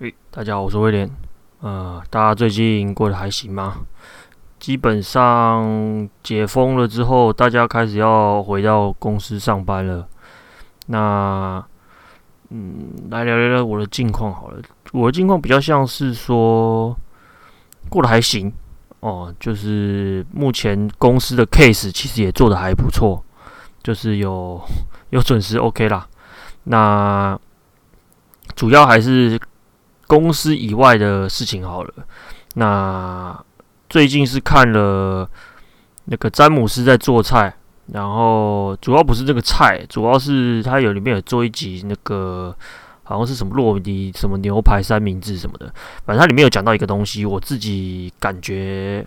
哎、欸，大家好，我是威廉。呃，大家最近過得還行嗎？基本上解封了之後，大家開始要回到公司上班了。那，嗯，來聊聊我的近況好了。我的近況比較像是說，過得還行哦。就是目前公司的 case 其實也做得還不錯，就是有有準時 OK 啦。那主要還是，公司以外的事情好了，那最近是看了那個詹姆斯在做菜，然後主要不是這個菜，主要是他有裡面有做一集那個好像是什麼洛迪什麼牛排三明治什麼的，反正他裡面有講到一個東西，我自己感覺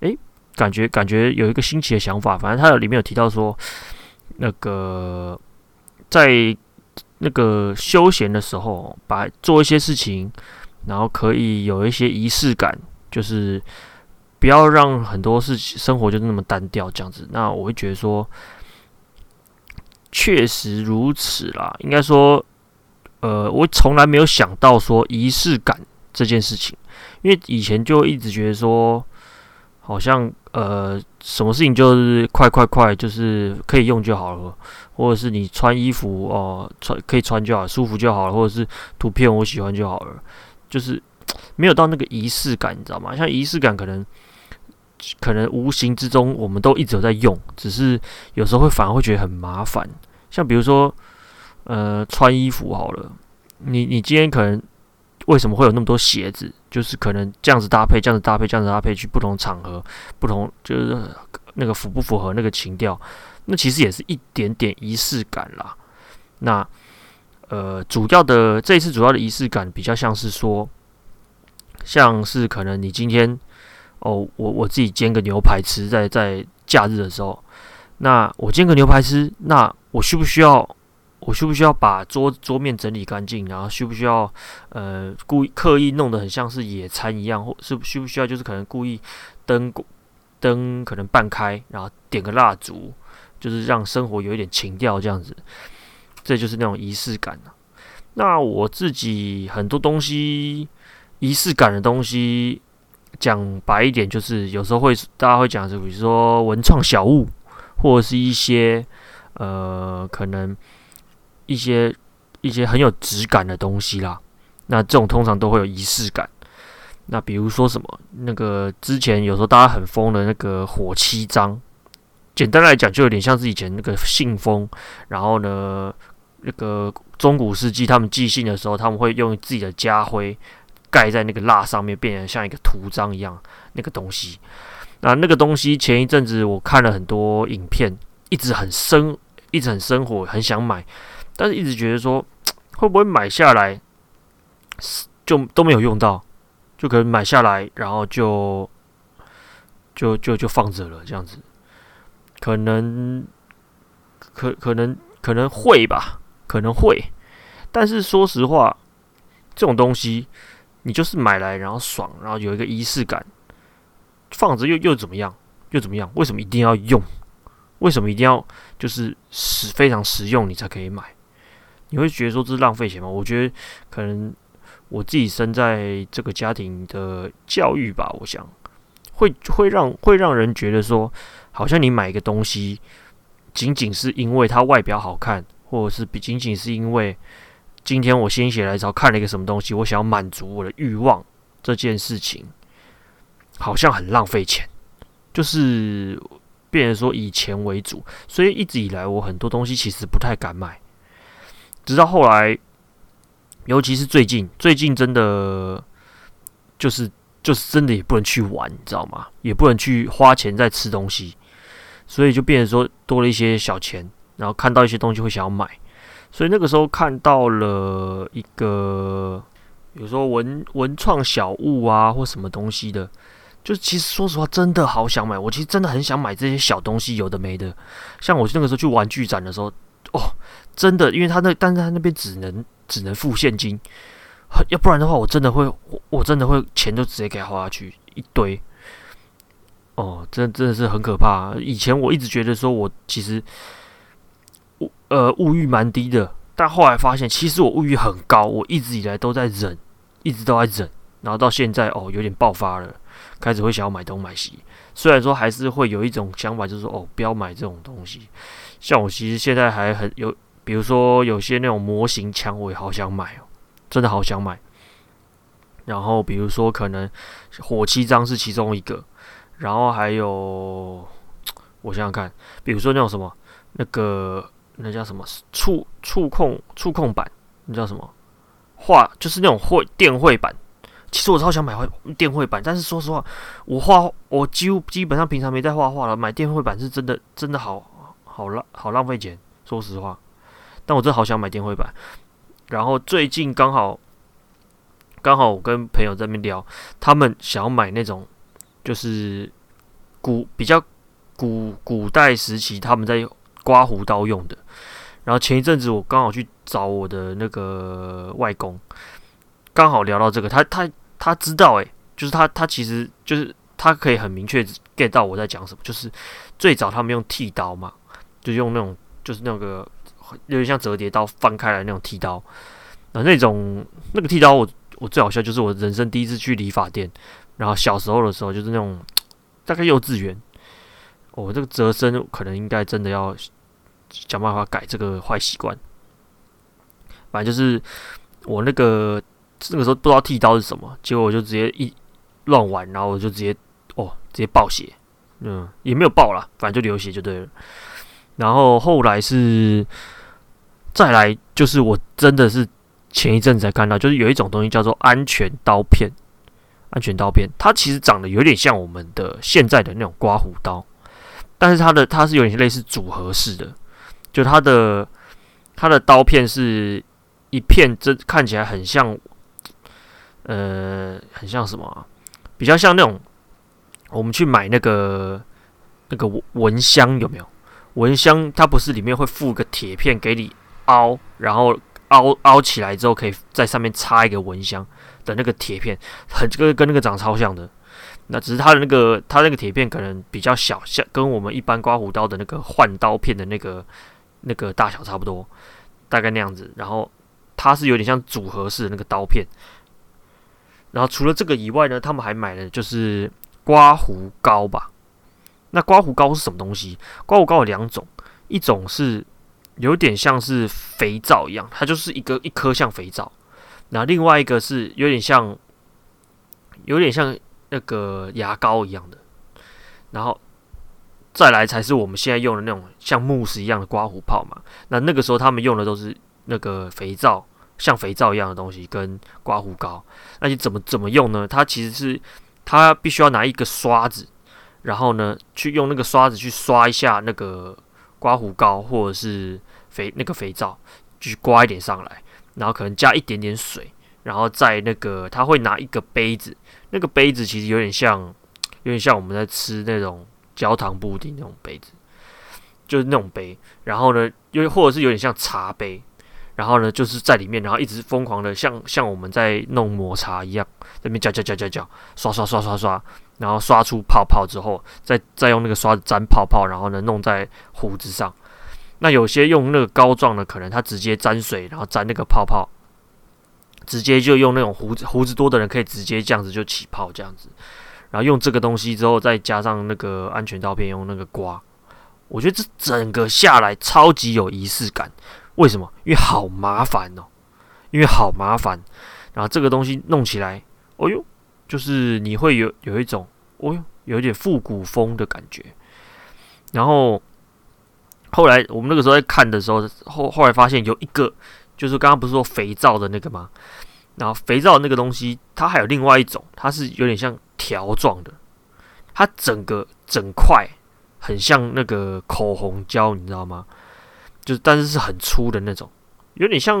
哎、欸，感覺感覺有一個新奇的想法，反正他有裡面有提到說那個在。那個休閒的時候，把做一些事情，然後可以有一些儀式感，就是不要讓很多事情生活就那麼單調這樣子。那我會覺得說，確實如此啦。應該說，呃，我從來沒有想到說儀式感這件事情，因為以前就一直覺得說，好像，呃，什麼事情就是快快快，就是可以用就好了。或者是你穿衣服哦，穿可以穿就好，舒服就好了。或者是圖片我喜歡就好了，就是沒有到那個儀式感，你知道嗎？像儀式感可能可能無形之中我們都一直有在用，只是有時候會反而會覺得很麻煩。像比如說呃穿衣服好了，你你今天可能為什麼會有那麼多鞋子？就是可能這樣子搭配，這樣子搭配，這樣子搭配，去不同場合，不同就是那個符不符合那個情調。那其實也是一點點儀式感啦。那呃，主要的這一次主要的儀式感比較像是說，像是可能你今天哦，我我自己煎個牛排吃，在在假日的時候，那我煎個牛排吃，那我需不需要？我需不需要把桌桌面整理乾淨？然後需不需要呃故意刻意弄得很像是野餐一樣，或是需不需要就是可能故意燈燈可能半開，然後點個蠟燭，就是讓生活有一點情調，這樣子，這就是那種儀式感啊。那我自己很多東西，儀式感的東西，講白一點，就是有時候會大家會講，就比如說文創小物，或者是一些呃，可能一些一些很有質感的東西啦。那這種通常都會有儀式感。那比如說什麼，那個之前有時候大家很瘋的那個火漆章。簡單來講，就有點像是以前那個信封，然後呢，那個中古世紀他們寄信的時候，他們會用自己的家徽蓋在那個蠟上面，變成像一個圖章一樣那個東西。那那個東西前一陣子我看了很多影片，一直很生，一直很生火，很想買，但是一直覺得說會不會買下來就都沒有用到，就可能買下來然後就就就就放着了這樣子。可能可可能可能會吧，可能會。但是說實話，這種東西你就是買來然後爽，然後有一個儀式感，放着又又怎麼樣？又怎麼樣？為什麼一定要用？為什麼一定要就是使非常實用你才可以買？你會覺得說這是浪費錢嗎？我覺得可能我自己生在這個家庭的教育吧，我想。會會讓會讓人覺得說，好像你買一個東西，僅僅是因為它外表好看，或者是比僅僅是因為今天我心血來潮看了一個什麼東西，我想要滿足我的慾望，這件事情好像很浪費錢，就是變成說以錢為主，所以一直以來我很多東西其實不太敢買，直到後來，尤其是最近，最近真的就是。就是真的也不能去玩，你知道嗎？也不能去花錢在吃東西，所以就變成說多了一些小錢，然後看到一些東西會想要買。所以那個時候看到了一個，比如說文文創小物啊，或什麼東西的，就其實說實話，真的好想買。我其實真的很想買這些小東西，有的沒的。像我那個時候去玩具展的時候，哦，真的，因為他那，但是他那邊只能只能付現金。要不然的話，我真的會，我，我真的會錢就直接給花下去一堆。哦，真的真的是很可怕啊。以前我一直覺得說，我其實物呃物欲蠻低的，但後來發現，其實我物欲很高。我一直以來都在忍，一直都在忍，然後到現在哦，有點爆發了，開始會想要買東買西。雖然說還是會有一種想法，就是說哦，不要買這種東西。像我其實現在還很有，比如說有些那種模型槍，我也好想買哦。真的好想買，然後比如說可能火漆章是其中一個，然後還有我想想看，比如說那種什麼那個那叫什麼觸觸控觸控板，那叫什麼畫就是那種繪電繪板。其實我超想買畫電繪板，但是說實話，我畫我幾乎基本上平常沒在畫畫了，買電繪板是真的真的好好浪好浪費錢，說實話，但我真的好想買電繪板。然後最近剛好剛好我跟朋友在那邊聊，他們想要買那種就是古比較古古代時期他們在刮鬍刀用的。然後前一陣子我剛好去找我的那個外公，剛好聊到這個，他他他知道誒，就是他他其實就是他可以很明確 get 到我在講什麼，就是最早他們用剃刀嘛，就用那種就是那個。有點像折疊刀翻開來那種剃刀，那那種那個剃刀我我最好笑就是我人生第一次去理髮店，然後小時候的時候就是那種大概幼稚園，我這個折身可能應該真的要想辦法改這個壞習慣。反正就是我那個那個時候不知道剃刀是什麼，結果我就直接一亂玩，然後我就直接哦、喔、直接爆血，嗯也沒有爆啦，反正就流血就對了。然後後來是。再來就是我真的是前一陣子才看到，就是有一種東西叫做安全刀片。安全刀片，它其實長得有點像我們的現在的那種刮鬍刀，但是它的它是有點類似組合式的，就它的它的刀片是一片，這看起來很像，呃，很像什麼啊？比較像那種我們去買那個那個蚊香有沒有？蚊香它不是裡面會附個鐵片給你？凹，然後凹凹起來之後，可以在上面插一個蚊香的那個鐵片，很跟跟那個長超像的。那只是它的那個它那個鐵片可能比較小，像跟我們一般刮鬍刀的那個換刀片的那個那個大小差不多，大概那樣子。然後它是有點像組合式的那個刀片。然後除了這個以外呢，他們還買了就是刮鬍膏吧。那刮鬍膏是什麼東西？刮鬍膏有兩種，一種是。有點像是肥皂一樣，它就是一個一顆像肥皂，那另外一個是有點像有點像那個牙膏一樣的，然後再來才是我們現在用的那種像慕斯一樣的刮鬍泡嘛。那那個時候他們用的都是那個肥皂，像肥皂一樣的東西跟刮胡膏。那你怎麼怎麼用呢？它其實是它必須要拿一個刷子，然後呢去用那個刷子去刷一下那個。刮鬍膏或者是肥那個肥皂，就是刮一點上來，然後可能加一點點水，然後在那個他會拿一個杯子，那個杯子其實有點像有點像我們在吃那種焦糖布丁那種杯子，就是那種杯，然後呢，又或者是有點像茶杯，然後呢就是在裡面，然後一直瘋狂的像像我們在弄抹茶一樣，在那邊攪攪攪攪攪，刷刷刷刷刷，刷。然後刷出泡泡之後，再再用那個刷子沾泡泡，然後呢弄在鬍子上。那有些用那個膏狀的，可能它直接沾水，然後沾那個泡泡，直接就用那種鬍子鬍子多的人可以直接這樣子就起泡這樣子。然後用這個東西之後，再加上那個安全刀片，用那個刮，我覺得這整個下來超級有儀式感。為什麼？因為好麻煩哦，因為好麻煩。然後這個東西弄起來，哎呦。就是你會有有一種，哦，有點復古風的感覺。然後後來我們那個時候在看的時候，後後來發現有一個，就是剛剛不是說肥皂的那個嗎？然後肥皂的那個東西，它還有另外一種，它是有點像條狀的，它整個整塊很像那個口紅膠，你知道嗎？就是但是是很粗的那種，有點像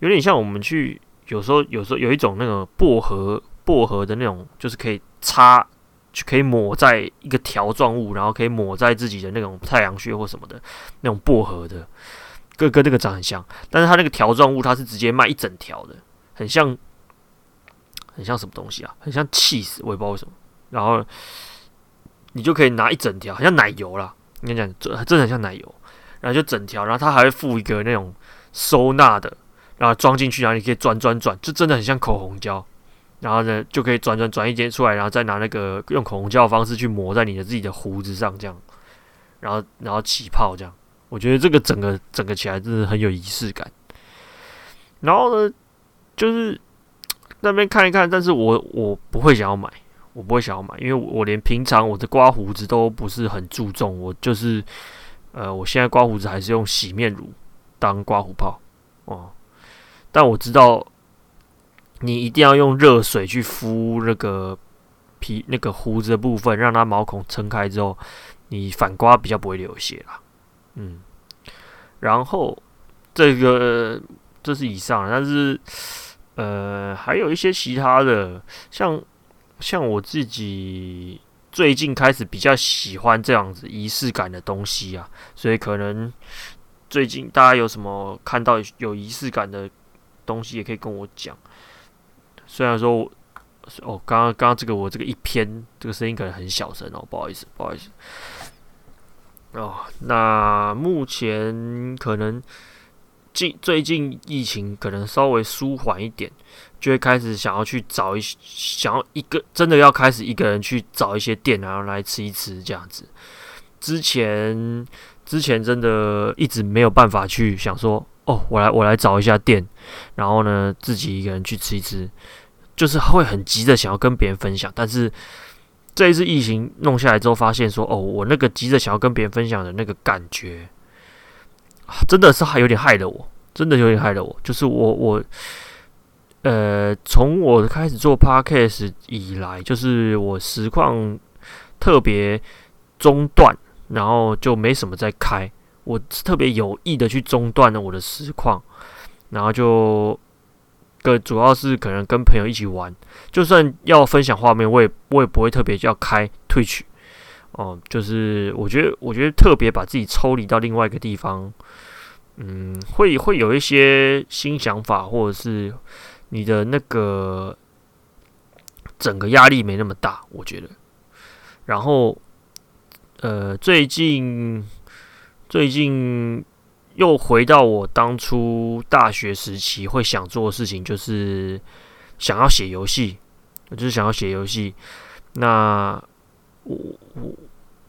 有點像我們去有時候有時候有一種那個薄荷。薄荷的那種，就是可以擦，就可以抹在一個條狀物，然後可以抹在自己的那種太陽穴或什麼的，那種薄荷的，跟跟那個長很像，但是它那個條狀物它是直接賣一整條的，很像很像什麼東西啊？很像起司，我也不知道為什麼。然後你就可以拿一整條，很像奶油啦，你看這樣，真真的很像奶油，然後就整條，然後它還會附一個那種收納的，然後裝進去，然後你可以轉轉轉，就真的很像口紅膠。然後呢，就可以轉轉轉一截出來，然後再拿那個用口紅膠的方式去抹在你的自己的鬍子上，這樣，然後然後起泡這樣。我覺得這個整個整個起來真的很有儀式感。然後呢，就是那邊看一看，但是我我不會想要買，我不會想要買，因為我我連平常我的刮鬍子都不是很注重，我就是呃，我現在刮鬍子還是用洗面乳當刮鬍泡哦，但我知道。你一定要用熱水去敷那個皮、那個鬍子的部分，讓它毛孔撐開之後，你反刮比較不會流血啦。嗯，然後這個這是以上，但是呃還有一些其他的，像像我自己最近開始比較喜歡這樣子儀式感的東西啊，所以可能最近大家有什麼看到有儀式感的東西，也可以跟我講。雖然說我，哦，剛剛剛剛這個我這個一篇，這個聲音可能很小聲哦，不好意思，不好意思。哦，那目前可能近最近疫情可能稍微舒緩一點，就會開始想要去找一些，想要一個真的要開始一個人去找一些店，然後來吃一吃這樣子。之前之前真的一直沒有辦法去想說，哦，我來我來找一下店，然後呢自己一個人去吃一吃。就是他會很急着想要跟別人分享，但是這一次疫情弄下來之後，發現說哦，我那個急着想要跟別人分享的那個感覺，啊、真的是還有點害了我，真的有點害了我。就是我我，呃，從我開始做 Podcast 以來，就是我實況特別中斷，然後就沒什麼再開，我是特別有意的去中斷了我的實況，然後就。個主要是可能跟朋友一起玩，就算要分享畫面，我也我也不會特別要開 Twitch 哦。就是我覺得，我覺得特別把自己抽離到另外一個地方，嗯，會會有一些新想法，或者是你的那個整個壓力沒那麼大，我覺得。然後，呃，最近最近。又回到我當初大學時期會想做的事情就，就是想要寫遊戲，我就是想要寫遊戲。那我我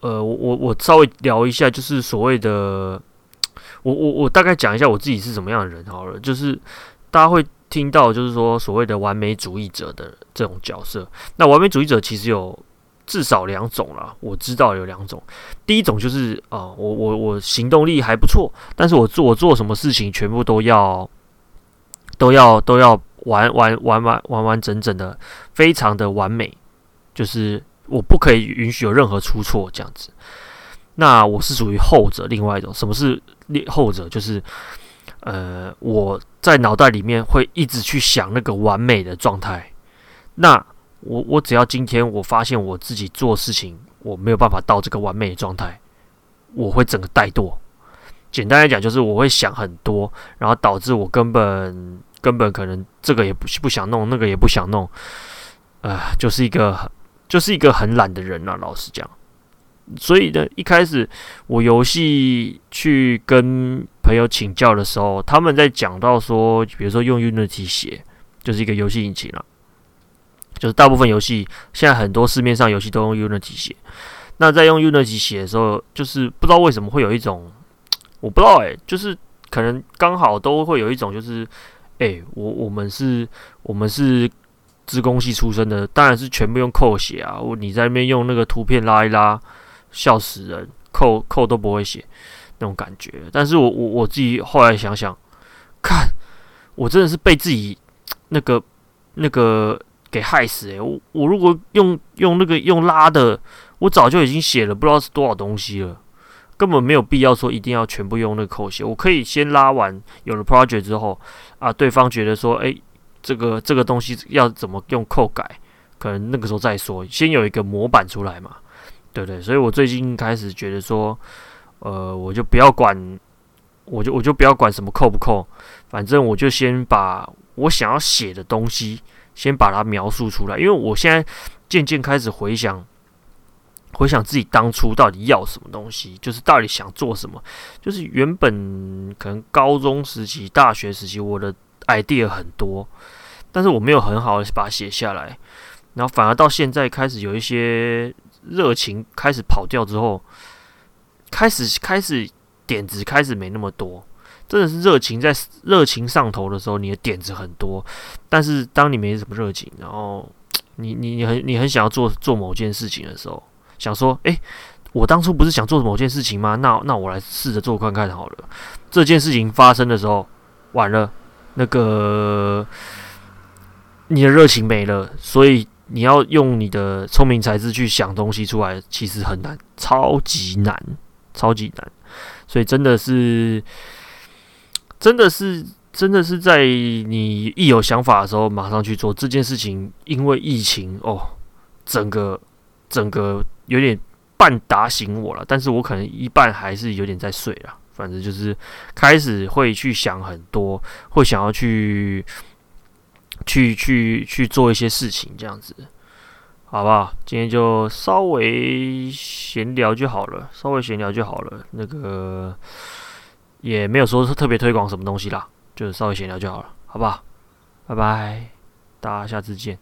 呃我我稍微聊一下，就是所謂的我我我大概講一下我自己是什麼樣的人好了。就是大家會聽到，就是說所謂的完美主義者的這種角色。那完美主義者其實有。至少兩種了、啊，我知道有兩種。第一種就是啊、呃，我我我行動力還不錯，但是我做我做什麼事情，全部都要都要都要完完完完完完整整的，非常的完美，就是我不可以允許有任何出錯這樣子。那我是屬於後者，另外一種，什麼是後者？就是呃，我在腦袋裡面會一直去想那個完美的狀態。那我我只要今天我發現我自己做事情我沒有辦法到這個完美的狀態，我會整個怠惰。簡單來講，就是我會想很多，然後導致我根本根本可能這個也不不想弄，那個也不想弄，呃，就是一個就是一個很懶的人了啊。老實講，所以呢，一開始我遊戲去跟朋友請教的時候，他們在講到說，比如說用 Unity 寫，就是一個遊戲引擎了啊。就是大部分遊戲，現在很多市面上遊戲都用 Unity 寫。那在用 Unity 寫的時候，就是不知道為什麼會有一種，我不知道哎、欸，就是可能剛好都會有一種，就是哎、欸，我我們是我們是資工系出身的，當然是全部用 code 寫啊。我你在那邊用那個圖片拉一拉，笑死人，code code 都不會寫那種感覺。但是我我我自己後來想想看，我真的是被自己那個那個。那個給害死誒、欸，我我如果用用那個用拉的，我早就已經寫了，不知道是多少東西了，根本沒有必要說一定要全部用那個扣寫。我可以先拉完，有了 project 之後啊，對方覺得說，誒、欸，這個這個東西要怎麼用扣改，可能那個時候再說，先有一個模板出來嘛，對不對？所以我最近開始覺得說，呃，我就不要管，我就我就不要管什麼扣不扣，反正我就先把我想要寫的東西。先把它描述出來，因為我現在漸漸開始回想，回想自己當初到底要什麼東西，就是到底想做什麼，就是原本可能高中時期、大學時期，我的 idea 很多，但是我沒有很好的把它寫下來，然後反而到現在開始有一些熱情開始跑掉之後，開始開始點子開始沒那麼多。真的是熱情在熱情上頭的時候，你的點子很多。但是當你沒什麼熱情，然後你你你很你很想要做做某件事情的時候，想說：“誒，我當初不是想做某件事情嗎？那那我來試着做看看好了。”這件事情發生的時候，完了，那個你的熱情沒了，所以你要用你的聰明才智去想東西出來，其實很難，超級難，超級難。所以真的是。真的是，真的是在你一有想法的時候，馬上去做這件事情。因為疫情哦，整個整個有點半打醒我了，但是我可能一半還是有點在睡啊。反正就是開始會去想很多，會想要去去去去做一些事情，這樣子，好不好？今天就稍微閒聊就好了，稍微閒聊就好了。那個。也沒有說是特別推廣什麼東西啦，就是稍微閒聊就好了，好不好？拜拜，大家下次見。